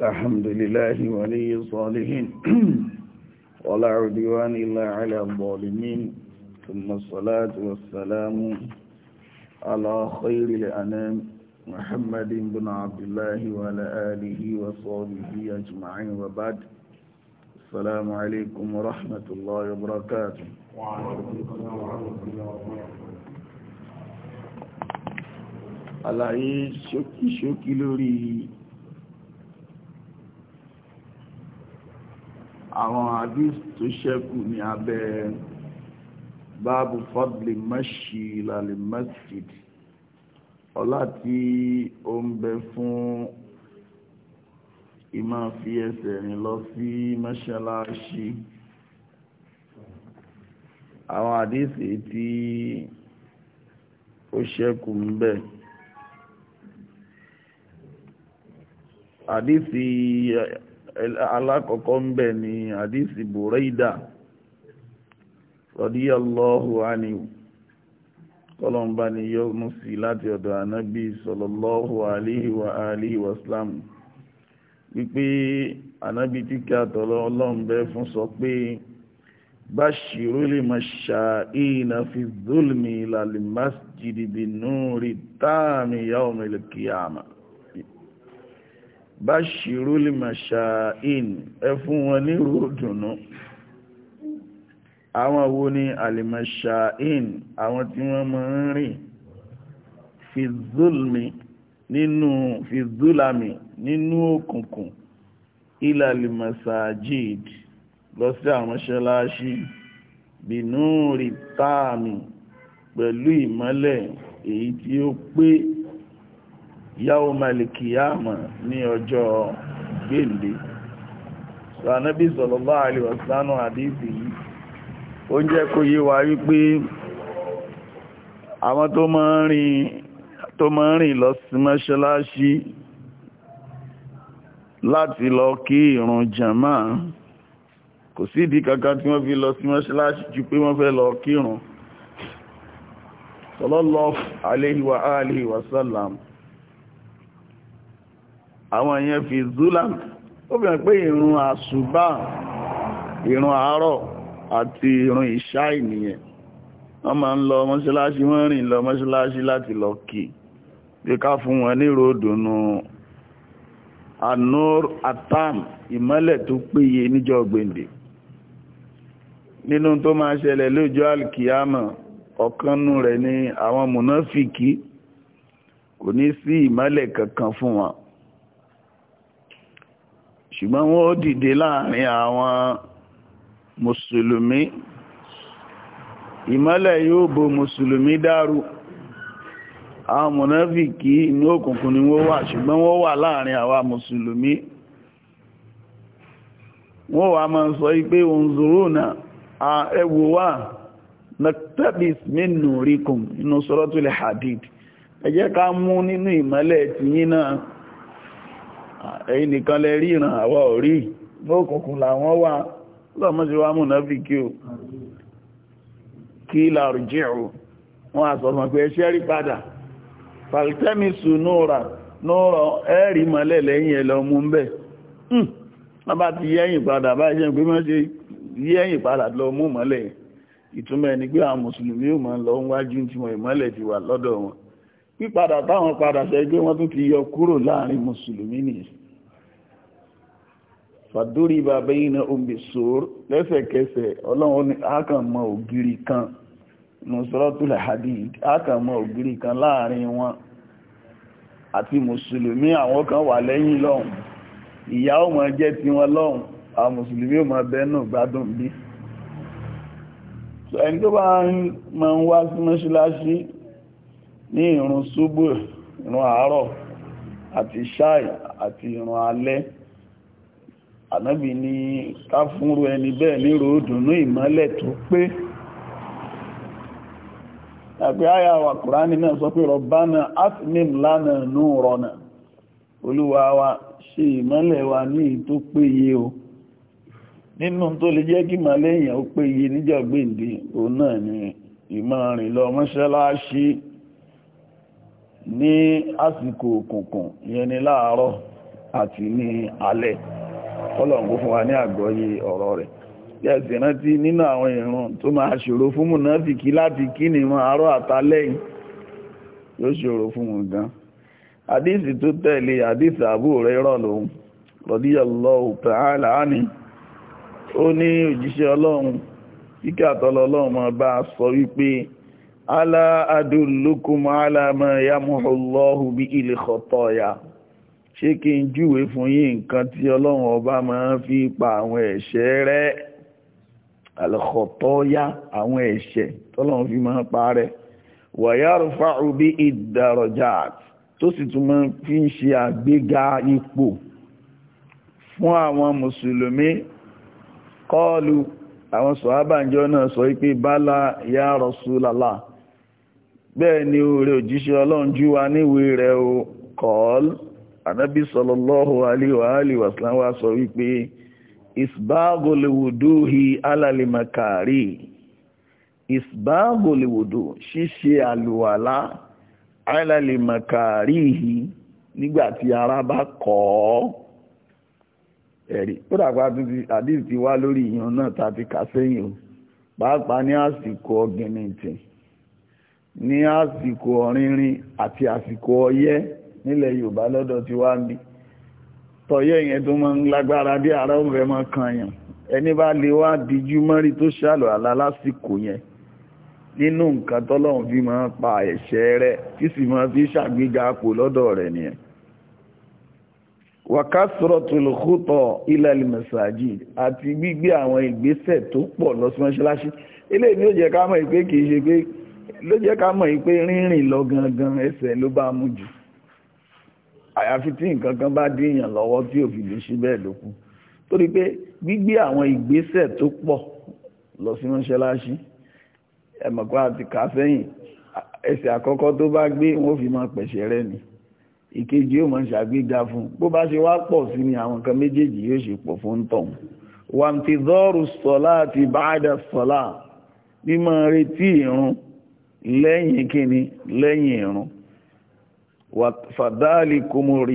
الحمد لله ولي الصالحين ولا عدوان إلا على الظالمين ثم الصلاة والسلام على خير الأنام محمد بن عبد الله وعلى آله وصحبه أجمعين وبعد السلام عليكم ورحمة الله وبركاته وعليكم السلام ورحمة الله وبركاته àlàyé شكي lórí àwọn hadith tó ṣẹ́kù ní abẹ́ báàbù fadli mashi lalil masjid ọlá tí ó ń bẹ fún ìmá fi ẹsẹ̀ rìn lọ sí mọ́ṣáláṣí àwọn hadith tí ó ṣẹ́kù ń bẹ hadith alákọ̀ọ́kọ́ ń bẹ̀ ni àdísì Buraida radiyallahu anhu kọlọ̀mbà ni yọ́nú sí láti ọ̀dọ̀ ànábì sallallahu alaihi wa alihi wasalam wípé ànábì tí kí àtọ̀lọ́ ọlọ́m̀bẹ́ fún sọ pé bashirul masha'ina fi zulmi lal masjidi bin nuri tami yawmil qiyamah bá ṣírú lè máa ṣàáìn ẹ fún wọn ní ròdùnú àwọn wo ni àlèmọ̀ṣàáìn àwọn tí wọ́n mọ̀ ń rìn fi zulmi nínú fi zulami nínú òkùnkùn ilà lèmọ̀ṣàájìd lọ sí àwọn ṣẹláṣí bínú rí pẹ̀lú ìmọ́lẹ̀ èyí tí ó pé yawmal qiyamah ní ọjọ́ gbèǹde sọ anábì sallallahu alaihi wasallam àdéhìsì yìí ó ń jẹ́ kó yé wa wípé àwọn tó máa ń rìn lọ sí mọ́ṣáláṣí láti lọ kí ìrun jàmá kò sí ìdí kankan tí wọ́n fi lọ sí mọ́ṣáláṣí ju pé wọ́n fẹ́ lọ kírun sallallahu alaihi wasallam àwọn yẹn fi zulam ó fi hàn pé ìrun àṣùbà ìrun àárọ̀ àti ìrun ìṣá ìnìyẹn wọ́n máa ń lọ mọ́ṣáláṣí wọ́n rìn lọ mọ́ṣáláṣí láti lọ kí bí ká fún wọn ní ròdùnú anur atam ìmọ́lẹ̀ tó péye níjọ́ gbèǹdè nínú tó máa ṣẹlẹ̀ lójú alkiyama ọ̀kanú rẹ̀ ni àwọn mùnáfìkì kò ní sí ìmọ́lẹ̀ kankan fún wọn ṣùgbọ́n wọ́n dìde láàrin àwọn mùsùlùmí ìmọ́lẹ̀ yóò bo mùsùlùmí dàrú àwọn mùnáfìkì inú òkùnkùn ni wọ́n wà ṣùgbọ́n wọ́n wà láàrin àwa mùsùlùmí wọ́n wà máa sọ pé unzuruna ẹ wò wá naktabis min nurikum inú suratul hadid ẹ ká mú nínú ìmọ́lẹ̀ tìyín náà èyí nìkan lẹ rí ìràn àwọ̀ orí lókùnkùn làwọn wà lọ́mọ́sí wá o kí wọ́n a sọ̀rọ̀ pé ẹṣẹ́ rí padà núra núra mọ́lẹ̀ lẹ́yìn hmm. pé lọ àwọn mùsùlùmí ò máa lọ wájú tí wọ́n ìmọ́lẹ̀ ti wà lọ́dọ̀ wọn pípadà táwọn padà ṣe wọ́n tún ti yọ kúrò láàrin fàdúrí bàbá iná omi sòrò lẹ́sẹ̀kẹsẹ̀ ọlọ́run ní àkànmọ́ ògiri kan nusratul hadid àkànmọ́ ògiri kan láàrin wọn àti mùsùlùmí àwọn kan wà lẹ́yìn lọ́hùn ìyà ó máa jẹ́ tiwọn lọ́hùn àwọn mùsùlùmí ó máa bẹ́ẹ̀ náà gbádùn bí ẹni tó bá ń wá ànábì ní ká fúnrú ẹni bẹ́ẹ̀ ní ròódùnú ìmọ́lẹ̀ tó pé àpé àyà wa kùránì náà sọ pé rọ̀bánà atmim lánà nú rọ̀nà olúwa wa ṣe ìmọ́lẹ̀ wa ní tó péye o nínú tó lè jẹ́ kí ìmọ́lẹ̀ èèyàn ó péye níjọ̀gbìndì náà ni ìmọ̀rin lọ mọ́ṣáláṣí ní àsìkò òkùnkùn ni láàárọ̀ ọlọ́run fún wa ní àgbọ́yé ọ̀rọ̀ rẹ̀ yẹ́sì rántí nínú àwọn ìrun tó máa ṣòro fún mùnáfìkí láti kí nìran àárọ̀ àtàlẹ́yìn yóò ṣòro fún wọn gan àdíìsì tó tẹ̀lé àdíìsì àbú rẹ̀ rọ̀ lòun radiyallahu ta'ala anhu ó ní òjíṣẹ́ ṣé kí n júwe fún yín nǹkan tí ọlọ́run ọba máa fi pa àwọn ẹ̀ṣẹ̀ rẹ̀ alkhọ̀tọ́yá àwọn ẹ̀ṣẹ̀ tọ́lọ́run fi máa pa rẹ̀ wàyárùfáù bí ìdàrọ̀jà tó sì tún máa fi ń ṣe àgbéga ipò fún àwọn mùsùlùmí kọ́ọ̀lù àwọn sọ̀hábàjọ́ náà sọ wípé bálá ya Rasulullah bẹ́ẹ̀ ni oore òjíṣẹ́ ọlọ́run jú wa níwèé rẹ̀ o kọ́ọ̀lù ànábì sallallahu alaihi wa alihi wa sallam wá sọ wípé isbáàgòlèwòdóhi alálèmàkàrí isbáàgòlèwòdó ṣíṣe àlùwàlá alálèmàkàrí yìí nígbàtí ara bá kọ̀ ọ́ ẹ̀rí ó dàgbà títí àdìsí ti wá lórí ìyàn náà tàbí kàsẹ́yìn o pàápàá ní àsìkò ọ̀gìnìntìn ní àsìkò ọ̀rìnrìn àti àsìkò ọyẹ́ nílẹ̀ Yorùbá lọ́dọ̀ ti wá ń bí tọ̀yẹ́ yẹn tó máa ń lágbára bí ara ó fẹ́ máa kan yàn ẹni bá lè wá díjú mọ́rí tó ṣàlọ̀ àlá lásìkò yẹn nínú nǹkan tọ́lọ́run fi máa pa ẹ̀ṣẹ̀ rẹ̀ tí sì máa fi ṣàgbéga kò lọ́dọ̀ rẹ̀ nìyẹn wakasrotul khuto ilal masajid àti gbígbé àwọn ìgbésẹ̀ tó pọ̀ lọ sí mọ́ṣáláṣí eléyìí ni ó jẹ́ ká mọ̀ pé kì ṣe pé ló jẹ́ ká mọ̀ pé rínrìn lọ gangan ẹsẹ̀ ló bá mú jù àyàfi tí nǹkan kan bá díyàn lọ́wọ́ tí ò fi lè ṣe bẹ́ẹ̀ ló kù torí pé gbígbé àwọn ìgbésẹ̀ tó pọ̀ lọ sí mọ́ṣáláṣí ẹ̀mọ̀pá àti kà sẹ́yìn ẹsẹ̀ àkọ́kọ́ tó bá gbé wọ́n fi máa pẹ̀ṣẹ̀ rẹ̀ ni ìkejì yóò máa ṣàgbéga fún bó bá ṣe wá pọ̀ sí ni àwọn nǹkan méjèèjì yóò ṣe pọ̀ fún tọ̀hún wàǹtìdọ́rù sọ́lá àti báàdà sọ́lá mímọ̀ retí ìrun lẹ́yìn kíni lẹ́yìn ìrun fàdálìkùmù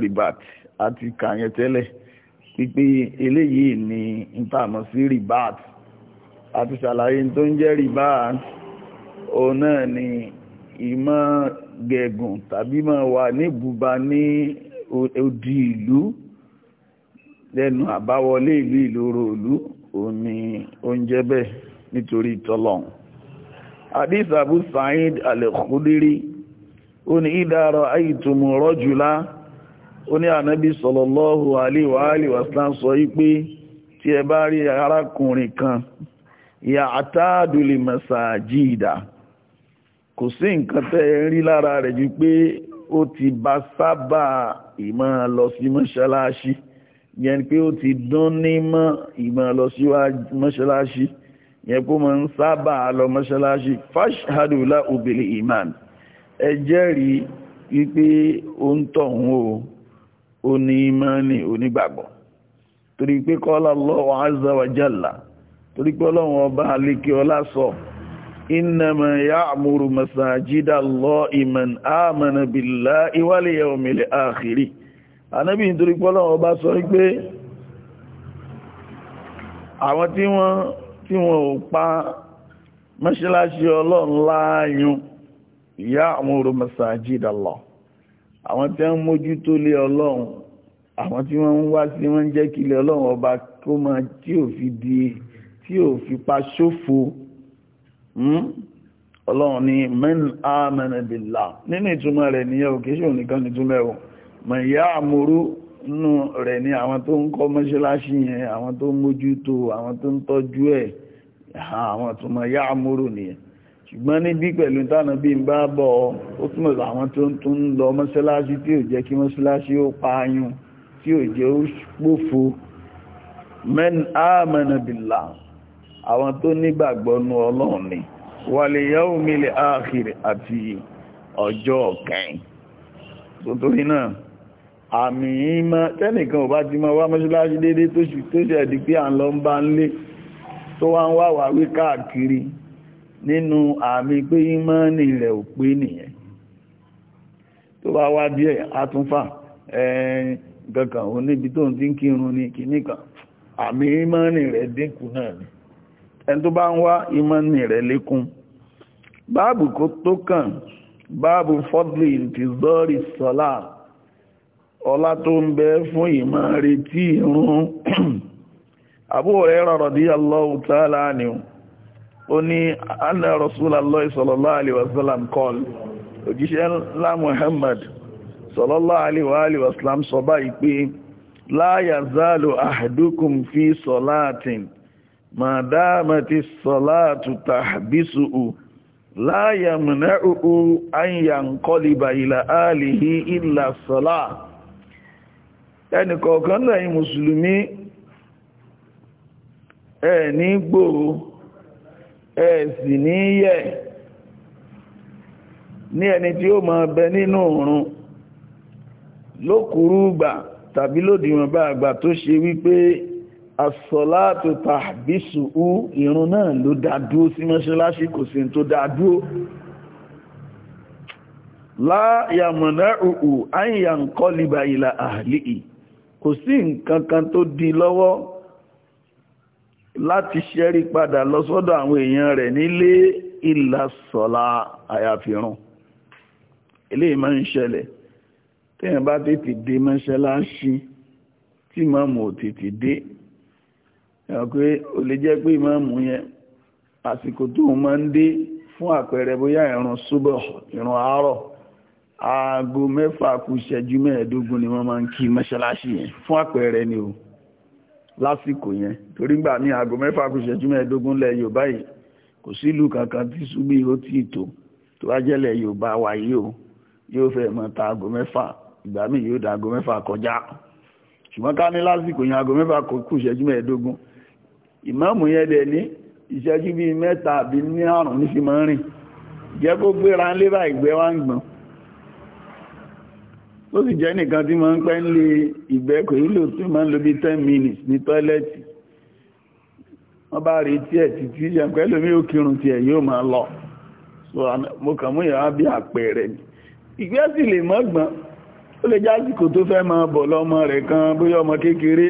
ribat àti kàyẹn tẹ́lẹ̀ pípé eléyìí ni ìtàmọ̀ sí ribat àti ṣàlàyé tó ń jẹ́ ribat òun náà ni ìmọ̀ gẹ̀gùn tàbí ma wà níbùba ní odi ìlú lẹ́nu àbáwọlé ìlú ìloro ìlú òun ni oúnjẹ bẹ́ẹ̀ nítorí tọ́lọ́hun. hadith abu sa'id o ni idoro aitomoro jula o ni ana bi sọlọlọ ohùu aliyu waali wasu la n soyi pe ti e ba ri arakunrin kan ya ataduli masajida ko si nkan te n ri lara reji pe o ti ba saba iman lọ si mọshalashi yenikpe o ti don ni mọ iman lọ si mọshalashi yanku ma n saba alọ mọshalashi fashadula obere iman ẹ jẹ́rìí wípé ó ń tọ̀hún o ó ní ìmánì onígbàgbọ́ torí pé kọ́lá Allahu azza wa jalla torí pé ọlọ́run ọba àlékè ọlá sọ innama ya'muru masajida Allahi man amana billahi wal yawmil akhir ànábì nítorí pé ọlọ́run ọba sọ wípé àwọn tí wọ́n tí wọ́n pa mọ́ṣáláṣí ọlọ́run ya'muru masajid Allah àwọn tí wọ́n mójútó lé ọlọ́run àwọn tí wọ́n ń wá sí wọ́n ń jẹ́ kí ilé ọlọ́run ọba kó máa tí ò fi di tí ò fi pa ṣòfò hmm? ọlọ́run ni man amana billah nínú ìtumọ̀ rẹ̀ nìyẹn òkè ṣòun nìkan nìtumọ̀ ẹ̀wọ̀n man ya'muru nínú rẹ̀ ni àwọn tó ń kọ́ mọ́ṣáláṣí yẹn àwọn tó ń mójútó àwọn tó ń tọ́jú ẹ̀ àwọn ìtumọ̀ ya'muru nìyẹn ṣùgbọ́n níbí pẹ̀lú tánà bí n bá bọ̀ ó túnmọ̀ àwọn tó ń tún lọ mọ́ṣáláṣí tí ò jẹ́ kí mọ́ṣáláṣí ó paayùn tí ò jẹ́ ó pòfo men amana billah àwọn tó nígbàgbọ́ nú ọlọ́run ni wal yawmil akhir àti ọjọ́ kẹ́yìn tó torí náà àmì ìmọ̀ tẹ́nìkan ò bá ti mọ́ wá mọ́ṣáláṣí déédéé tó ṣẹ̀ di pé à ń lọ ń bá ń lé tó wá wà wí káàkiri nínú àmì pé ìmọ́ni rẹ̀ ò pé nìyẹn tó bá wá díẹ̀ àtúnfà ẹ̀ẹ́n kankan ò níbi tó ń tí ń kírun ní kìíní kan àmì ìmọ́ni rẹ̀ dínkù náà ni ẹni tó bá ń wá ìmọ́ni rẹ̀ lékún báàbù kó tó kàn báàbù fọ́dlì ti zọ́rì sọ́lá ọlá tó ń bẹ fún ìmọ̀ retí irun àbúrò rẹ̀ rọ̀rọ̀ díẹ̀ lọ́wọ́ tààlà ni ó ní anna rasulallah sallallahu alaihi wasallam kọl òjíṣẹ́ ńlá muhammad sallallahu alaihi wasallam sọ báyìí pé la yazalu ahadukum fi salatin ma dáàmàtí salatu tahbisu'u la yamna'u an yanqaliba ila alihi illa salat ẹnìkọ̀ọ̀kan náà yí mùsùlùmí ẹ̀ ní gbòó ẹ̀sì níyẹ̀ ní ẹni tí ó máa bẹ nínú òrun lókùrú gbà tàbí lódìwọ̀n bá àgbà tó ṣe wípé asọ́látò tàbísù ú ìrun náà ló dádúó sí mọ́ṣáláṣí kò sí tó dádúó láyàmọ̀nà ùhù àyíyàn kọ́ líba liba àhàlì kò sí nǹkan kan tó di lọ́wọ́ láti ṣẹ́rí padà lọ sọ́dọ̀ àwọn èèyàn rẹ̀ nílé ìlà sọ̀la àyàfihàn eléyìí máa ń ṣẹlẹ̀ téèyàn bá tètè dé mọ́ṣáláṣí tí mọ́mù ò tètè dé ẹ̀hàn pé ó lè jẹ́ pé mọ́mù yẹn àsìkò tó máa ń dé fún àpẹẹrẹ bóyá ìrun súbọ̀ ìrun àárọ̀ aago mẹ́fà kù ìṣẹ́jú mẹ́ẹ̀ẹ́dógún ni wọ́n máa ń kí mọ́ṣáláṣí yẹn fún àpẹẹrẹ ni o lásìkò yẹn torí gbà ní aago mẹ́fà kù ṣẹ́jú mẹ́ẹ̀ẹ́dógún lẹ̀ yorùbá yìí kò sí kankan tí ṣubí ó tì tó tó bá jẹ́lẹ̀ yorùbá wa yìí o yóò fẹ́ mọ́ ta aago mẹ́fà ìgbà míì yóò da aago mẹ́fà kọjá ṣùgbọ́n ká ní lásìkò yẹn aago mẹ́fà kù ṣẹ́jú mẹ́ẹ̀ẹ́dógún ìmáàmù yẹn dẹ̀ ní ìṣẹ́jú bíi mẹ́ta àbí ní àrùn ní fi máa ń rìn jẹ́ kó gbéra ńlé báyìí gbẹ́ wá ń gbọ̀n ó sì jẹ́ nìkan tí máa ń pẹ́ ń lé ìgbẹ́ kò nílò tí máa ń lo bí 10 minutes ní tọ́lẹ́tì wọ́n bá rí tí ẹ̀ títí ìjànkẹ́ lómi ó kírun tí ẹ̀ yóò máa lọ so mo kàn mú ìyàwó bí àpẹẹrẹ ni ìgbẹ́ sì lè mọ́gbọ́n ó lè jásìkò tó fẹ́ máa bọ̀ lọ́mọ rẹ̀ kan bóyá ọmọ kékeré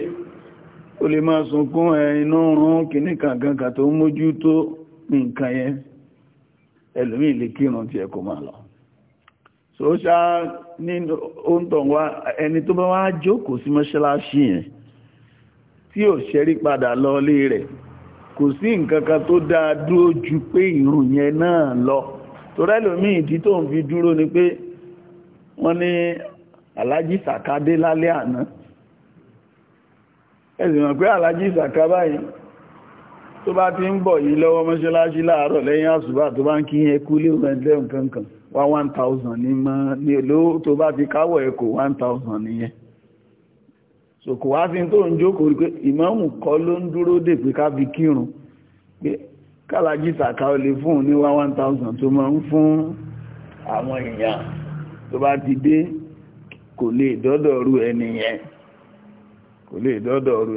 ó lè máa sunkún ẹ inú rún kìíní kankan kan tó ń mójútó nǹkan yẹn ẹlòmíì lè kírun tí ẹ kò máa lọ so ṣá ní oúntọ̀ wá ẹni tó bá wá jókòó sí mọ́ṣáláṣí yẹn tí ò ṣẹ́rí padà lọlé rẹ̀ kò sí nǹkan kan tó dáa dúró ju pé ìrun yẹn náà lọ torẹ́ lómi ìdí tó ń fi dúró ni pé wọ́n ní alájí sàkádé lálẹ́ àná ẹ̀sìn mọ̀ pé alájí sàká tó bá ti ń bọ̀ yìí lọ́wọ́ mọ́ṣáláṣí láàárọ̀ lẹ́yìn àṣùbà tó bá ń kí yẹn kú lé ọ̀rẹ́dẹ́ nǹkankan wá 1000 ní mọ́ ní èlò tó bá ti káwọ̀ ẹ̀kọ́ 1000 nìyẹn so kò wá sí tó ń jókòó pé ìmáàmù kọ́ ló ń dúró dè pé ká fi kírun pé kálájí sàkà ó lè fún ní wá 1000 tó máa ń fún àwọn èèyàn tó bá ti dé kò lè dọ́dọ̀ ru kò lè dọ́dọ̀ ru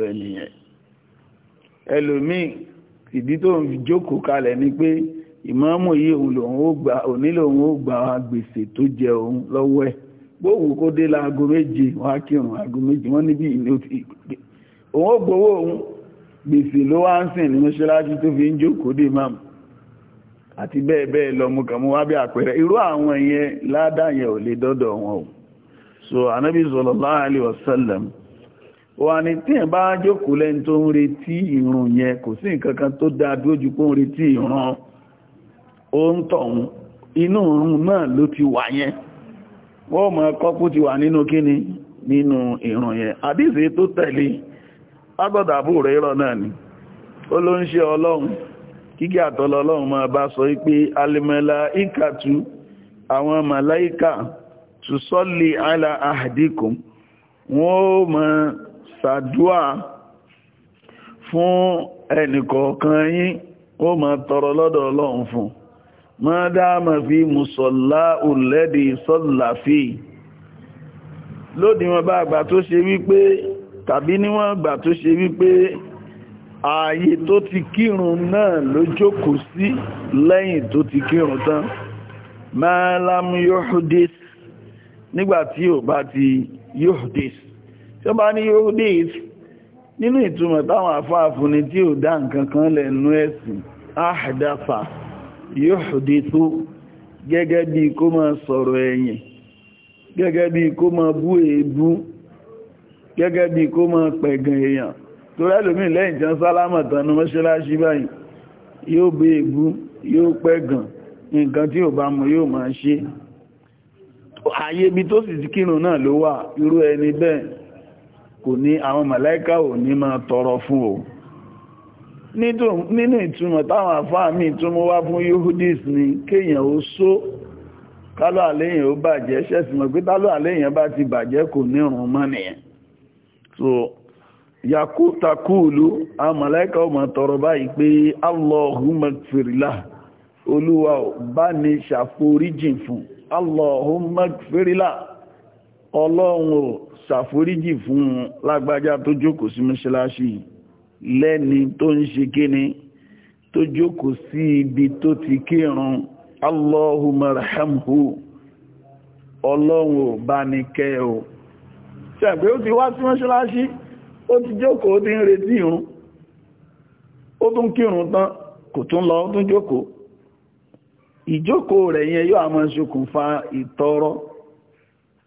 ẹlòmíì ìdí tó ń jókòó kalẹ̀ ni pé ìmáàmù yìí òun lòun ó gbà òní lòun ó gbà gbèsè tó jẹ òun lọ́wọ́ ẹ̀ gbóhùn kó dé láago méje wọ́n á kírun aago méje wọ́n níbi ìlú ti gbé òun ó gbowó òun gbèsè ló wá ń sìn ní mọ́ṣáláṣí tó fi ń jókòó dé máàmù àti bẹ́ẹ̀ bẹ́ẹ̀ lọ mú kàn wá bí àpẹẹrẹ irú àwọn yẹn ládàá yẹn ò lè dọ́dọ̀ wọn o so anabi sallallahu alaihi wasallam wà ní tí ẹ̀ bá jókòó lẹ́ni tó ń retí ìrun yẹn kò sí tó dáa bí ojú pé ń retí ó inú náà ló ti wà yẹn wọ́n mọ̀ ti wà nínú kíni nínú ìrun yẹn àdíṣe tó tẹ̀lé agbọ́dàbù rẹ̀ rọ̀ náà ni ó ọlọ́run ọlọ́run máa bá sọ pé àwọn màláìkà àlà wọ́n ṣàdúà fún ẹnìkọ̀ọ̀kan yín ó máa tọrọ lọ́dọ̀ ọlọ́run fún ma dáàmà fi musọ̀lá ulẹ́dì sọ́lá fi lódìwọ̀n bá àgbà tó ṣe wípé tàbí níwọ̀n àgbà tó ṣe wípé ààyè tó ti kírun náà ló jókòó sí lẹ́yìn tó ti kírun tán ma lam yuhdis nígbàtí ò bá ti yuhdis tí ó bá ní yóò nínú ìtumọ̀ táwọn àfáàfù ni tí ò dá nǹkan kan lẹ́nu ẹ̀sìn áhàdáfà yóò dé tó gẹ́gẹ́ bí kó máa sọ̀rọ̀ ẹ̀yìn gẹ́gẹ́ bí kó máa bú èébú gẹ́gẹ́ bí kó máa pẹ̀gàn èèyàn tó rẹ́lùmí lẹ́yìn tí wọ́n sálámà tánú mọ́ṣáláṣí báyìí yóò bú èébú yóò pẹ̀gàn nǹkan tí ò kò ní àwọn màláíkà ò ní máa tọrọ fún o nínú ìtumọ̀ táwọn àfáà mi túnmọ́ wá fún yehudis ni kéèyàn ó só kálọ̀ àléyàn ó bàjẹ́ ṣẹ́sìmọ̀ pé tálọ̀ àléyàn bá ti bàjẹ́ kò ní rùn mọ́ nìyẹn so yakutakulu àwọn màláíkà ò máa tọrọ báyìí pé allahumma gfirila olúwa bá ní ṣàforíjìn fún allahumma gfirila ọlọ́run ṣàforíjì fún lágbájá tó jókòó sí mọ́ṣáláṣí lẹ́ni tó ń ṣe kíni tó jókòó sí ibi tó ti kírun allahumma rahamhu ọlọ́run ò bá ní kẹ́ o ṣẹ̀pẹ́ ó ti wá sí mọ́ṣáláṣí ó ti jókòó ti ń retí irun ó tún kírun tán kò tún lọ ó tún jókòó ìjókòó rẹ̀ yẹn yóò àmọ́ ṣokùnfà ìtọrọ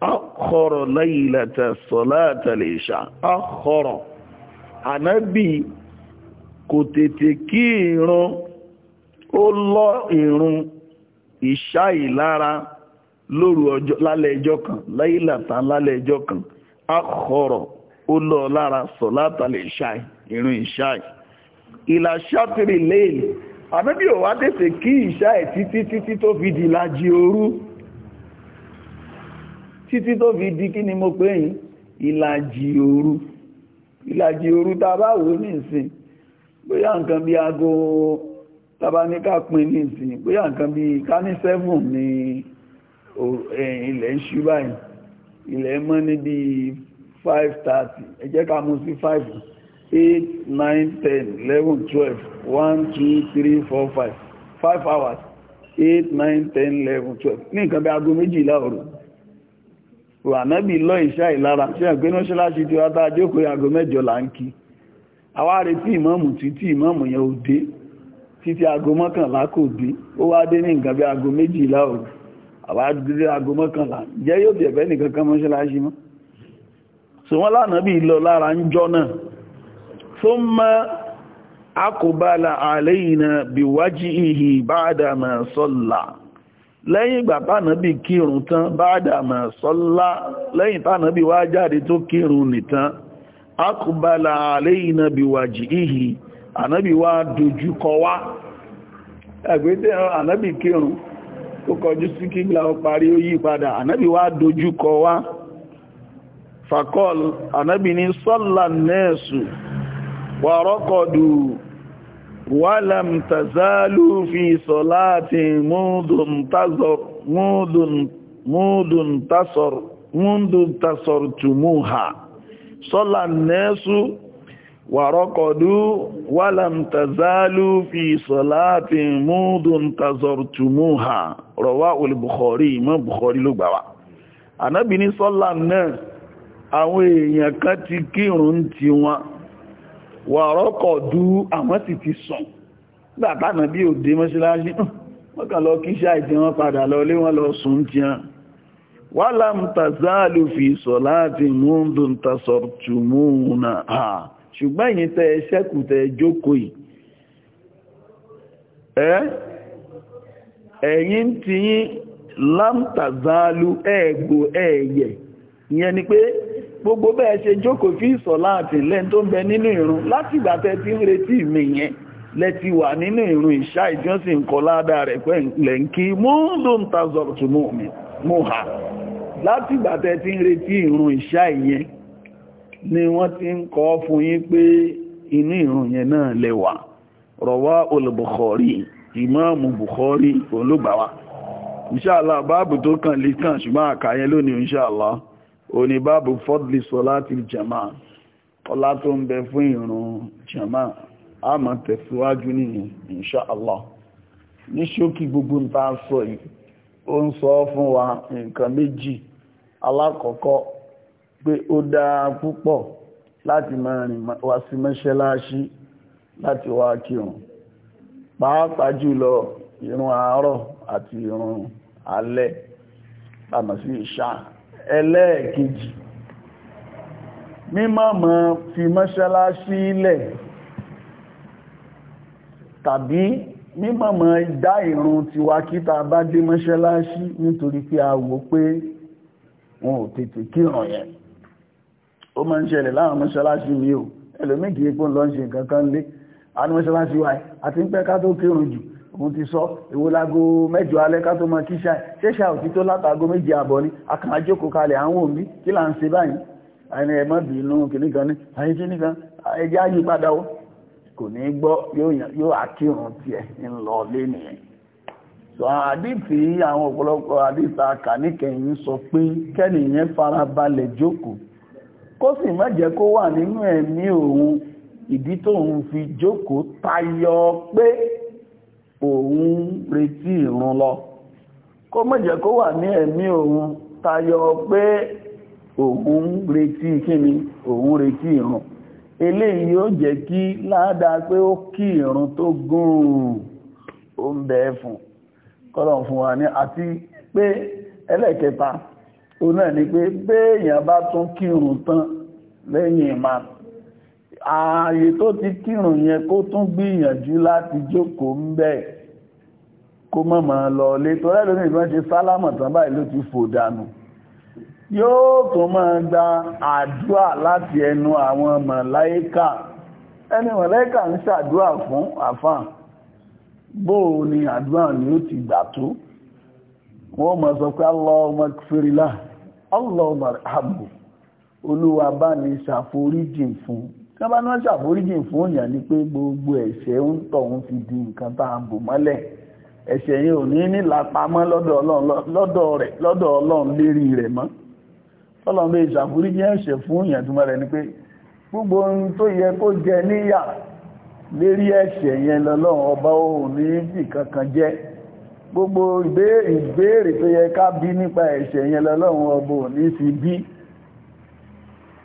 akọrọ láyìlátà sọ́látà lè ṣá akọrọ ànábì kò tètè kí ìrun ó lọ ìrun ìṣá ìlara lóru ọjọ́ lálẹ́ ẹjọ́ kan láyìlátà lálẹ́ ẹjọ́ kan akọrọ ó lọ lára sọ́látà lè ṣá ìrun ìṣá ìlà ṣátìrì léèlì ànábì ò wá tètè kí ìṣá ẹ̀ títí títí tó fi di ìlàjì títí tó fi di kí ni mo pè yín ìlàjì òru ìlàjì òru tá a bá wò ní ìsìn bóyá nǹkan bí aago tàbá ní ká pín ní ìsìn bóyá nǹkan bí ká ní seven ní ilẹ̀ ṣú báyìí ilẹ̀ mọ́ ní bí 5:30 ẹ ká mú sí 5 5 hours 8 9 10 11 12 ní nǹkan bí aago méjìlá òru ànábì lọ ìṣá ìlara tí ẹ̀ pé ní ṣíláṣí tí wátá jókòó yàgò mẹ́jọ là ń kí àwárí tí ìmọ̀mù títí ìmọ̀mù yẹn ò dé títí aago mọ́kànlá kò dé ó wá dé ní nǹkan bí aago méjìlá òru àwá dé aago mọ́kànlá jẹ́ yóò lẹ́yìn ìgbà tánàbí kírun tán ba'dama salla lẹ́yìn tánàbí wá jáde tó kírun nìtán akùbálà alayna biwajhihi ànábì wá dojúkọ wá ẹgbẹ́tẹ́ ànábì kírun tó kọjú sí kígbà ó parí ó yí padà ànábì wá dojúkọ wá fàkọ́l ànábì ní salla nẹ́ẹ̀sù wà rọ́kọ̀dù ولم تزالوا في صلاة منذ انتصر منذ منذ انتصر منذ انتصرتموها صلى الناس ورقدوا ولم تزالوا في صلاة منذ انتصرتموها رواه البخاري ما البخاري لو gbà Ànábì ní صلى الناس àwọn èèyàn kan ti kírun tiwọn wàrọ́kọ̀ dú àwọn sì ti sùn gbàtà náà bí ò dé mọ́ṣíláṣí wọ́n kàn lọ kí ṣáà ìtì wọn padà lọ lé wọn lọ sùn jẹun wà lámtàzáàlù fi sọ láti múndù ni pé gbogbo bẹ́ẹ̀ ṣe jókòó fi ìsọ̀lá àti lẹ́n tó ń bẹ nínú ìrun láti ìgbà tẹ́ ti ń retí mi yẹn lẹ́ti wà nínú ìrun ìṣá ìjọsìn nǹkan ládàá rẹ̀ pẹ́ lẹ́ǹkí múndùn ń ta zọ̀rọ̀ tó mú mi mú ha láti ìgbà tẹ́ ti ń retí ìrun ìṣá ìyẹn ni wọ́n ti ń kọ́ fún yín pé inú ìrun yẹn náà lẹ́wà rọ̀wá olùbùkọ́rí ìmáàmù bùkọ́rí òun inṣàlá báàbù tó kàn lè kàn ṣùgbọ́n àkàyẹ lónìí inṣàlá òní báàbù sọ sọ́láti jama ọlá tó ń bẹ fún irun jama a máa tẹ̀síwájú nìyẹn inṣáàlá ní ṣókí gbogbo ń ta sọ yìí ó ń sọ fún wa nǹkan méjì alákọ̀ọ́kọ́ pé ó dáa púpọ̀ láti máa rìn wá sí mọ́ṣáláṣí láti wá kírun pàápàá jùlọ ìrun àárọ̀ àti ìrun alẹ́ àmọ́ sí ìṣáà ẹlẹ́ẹ̀kejì mímọ̀ mọ́ fi mọ́ṣáláṣí ilẹ̀ tàbí mímọ̀ mọ́ dá ìrun tiwa kíta bá dé mọ́ṣáláṣí nítorí pé a wò pé wọn ò tètè kírun yẹn ó máa ń ṣẹlẹ̀ láwọn mọ́ṣáláṣí mi ò ẹlòmíkì epo lọ ń ṣe nǹkan kan lé àwọn mọ́ṣáláṣí wa àti ń pẹ́ ká tó kírun jù òun ti sọ èwo lágo mẹ́jọ alẹ́ ká tó mọ kíṣà ṣẹ́ṣà òtí tó látago méje àbọ̀ ni akàn àjókòó kalẹ̀ àwọn òbí kí là ń ṣe báyìí àìní ẹ̀mọ́ bínú kìnnìkan ní àyè kìnnìkan ẹjẹ́ ayé padà ó kò ní gbọ́ yóò àkírun tiẹ̀ ń lọ lé nìyẹn sọ àdìtì àwọn ọ̀pọ̀lọpọ̀ àdìtà kó sì má jẹ́ kó wà nínú ẹ̀mí òun ìdí tóun fi jókòó tayọ pé òun retí ìrun lọ kó má kó wà ní ẹ̀mí òun tayọ pé òun retí kíni òun retí ìrun eléyìí yóò jẹ́ kí ládàá pé ó kí ìrun tó gùn ó ń bẹ fún kọ́lọ̀ fún wa ní àti pé ẹlẹ́kẹta òun náà ni pé béèyàn bá tún kí kírun tán lẹ́yìn ìmáà ààyè tó ti kírun yẹn kó tún gbìyànjú láti jókòó ń bẹ̀ kó mọ̀ mọ̀ lọ lé tó rẹ́lómi ìbọn ṣe sálámọ̀ tán báyìí ló ti fò dànù yóò tó máa gba àdúà láti ẹnu àwọn mọ̀láíkà ẹni mọ̀láíkà ń ṣàdúà fún àfà. bóò ni àdúà ni ó ti gbà tó wọ́n mọ̀ sọ pé Allahumma kfirila Allahumma rahabu olúwa bá ní ṣàforíjì fún tí wọ́n bá náà ṣàforíjì fún òyàn ni pé gbogbo ẹ̀ṣẹ̀ ń tọ̀ ń fi di nǹkan tá à ń bò mọ́lẹ̀ ẹ̀ṣẹ̀ yìí ò ní nílàpamọ́ lọ́dọ̀ ọlọ́run lérí rẹ̀ mọ́ tọ́lọ́run lè ṣàforíjì ẹ̀ṣẹ̀ fún òyàn tó mọ́ rẹ̀ ni pé gbogbo ohun tó yẹ kó jẹ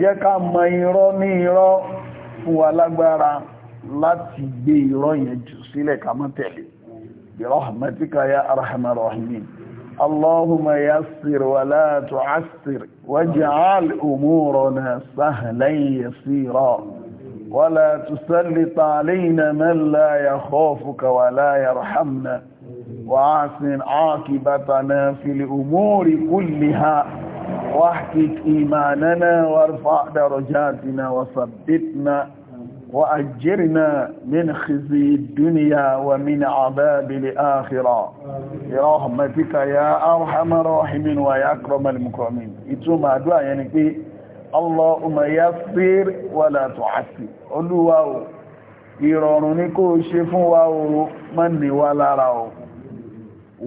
jẹ́ ká mọ irọ́ ní irọ́ fún wa lágbára láti gbé irọ́ yẹn jù sílẹ̀ ká má tẹ̀lé bi rahmatika ya arhamar rahimin اللهم يسر ولا تعسر واجعل أمورنا سهلا يسيرا ولا تسلط علينا من لا يخافك ولا يرحمنا وعسن عاقبتنا في الأمور كلها واحكك إيماننا وارفع درجاتنا وثبتنا وأجرنا من خزي الدنيا ومن عذاب الآخرة برحمتك يا أرحم الراحمين ويا المكرمين ìtumọ̀ àdúà yẹn ni pé Allahumma yassir wala tu'assir Olúwa o ìrọ̀rùn ni kó ṣe fún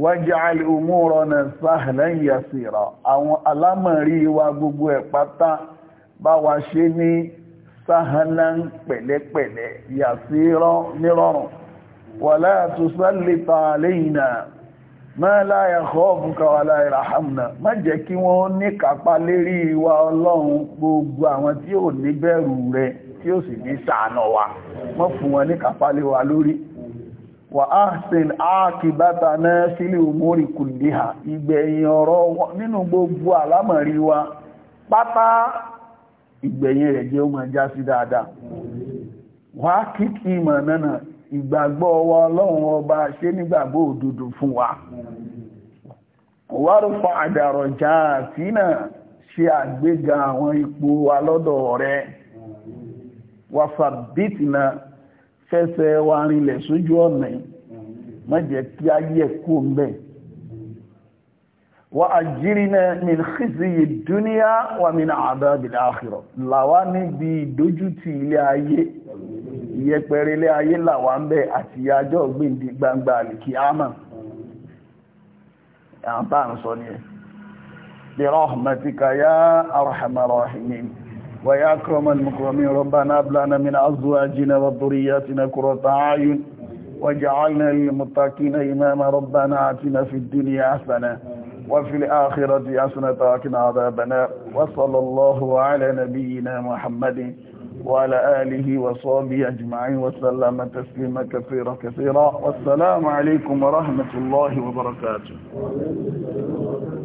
wájáàl umúrọ̀nà sáhàlẹ̀ yasira àwọn alámọ̀rí wa gbogbo ẹ̀ pátá bá wa ṣe ní sáhàlẹ̀ pẹ̀lẹ́pẹ̀lẹ́ yasira nírọ̀rùn wàlá àtúsálẹ̀ta àlẹ́yìnà máa láyà kọ́ọ̀bùkà wà láyà rahamna má jẹ́ kí wọ́n ní kápá lérí wa ọlọ́run gbogbo àwọn tí ò ní bẹ̀rù rẹ tí ó sì ní ṣàánà wa mọ́ fún wọn ní kápá lé wa lórí wà áṣìl ákìbátà náà sílé òmórí kùdíhà ìgbẹ̀yìn ọ̀rọ̀ gbogbo alamori wa pátá ìgbẹ̀yìn rẹ̀ jẹ́ o máa já sí wá kíkí ìmọ̀ náà ìgbàgbọ́ wa ọlọ́run ọba ṣe nígbàgbọ́ wa agbega ipo wa fẹsẹ̀ wa rinlẹ̀ sójú ọ̀nà yìí má jẹ́ kí ayé kú mbẹ́ wa àjírinà min khizyi dúníà wa min àdábìlì àkhírà làwa níbi ìdójútì ilé ayé ìyẹpẹrẹ ilé ayé làwa ń bẹ àti ìyájọ́ gbìndì gbangba àlìkíámà àwọn tá ń sọ ni ẹ̀ bi rahmatika ya arhamar ويا أكرم المكرمين ربنا ابلغنا من أزواجنا وذرياتنا قرة أعين واجعلنا للمتقين إماما ربنا آتنا في الدنيا حسنة وفي الآخرة حسنة واقنا عذاب النار وصلى الله على نبينا محمد وعلى آله وصحبه أجمعين وسلم تسليما كثيرا كثيرا والسلام عليكم ورحمة الله وبركاته